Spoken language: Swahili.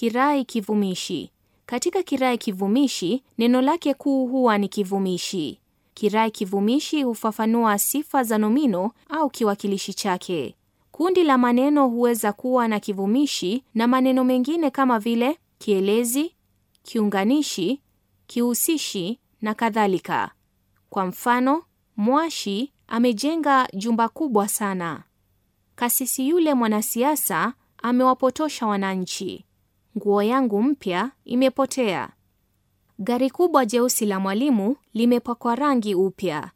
Kirai kivumishi. Katika kirai kivumishi, neno lake kuu huwa ni kivumishi. Kirai kivumishi hufafanua sifa za nomino au kiwakilishi chake. Kundi la maneno huweza kuwa na kivumishi na maneno mengine kama vile kielezi, kiunganishi, kihusishi na kadhalika. Kwa mfano, Mwashi amejenga jumba kubwa sana. Kasisi yule mwanasiasa amewapotosha wananchi nguo yangu mpya imepotea. Gari kubwa jeusi la mwalimu limepakwa rangi upya.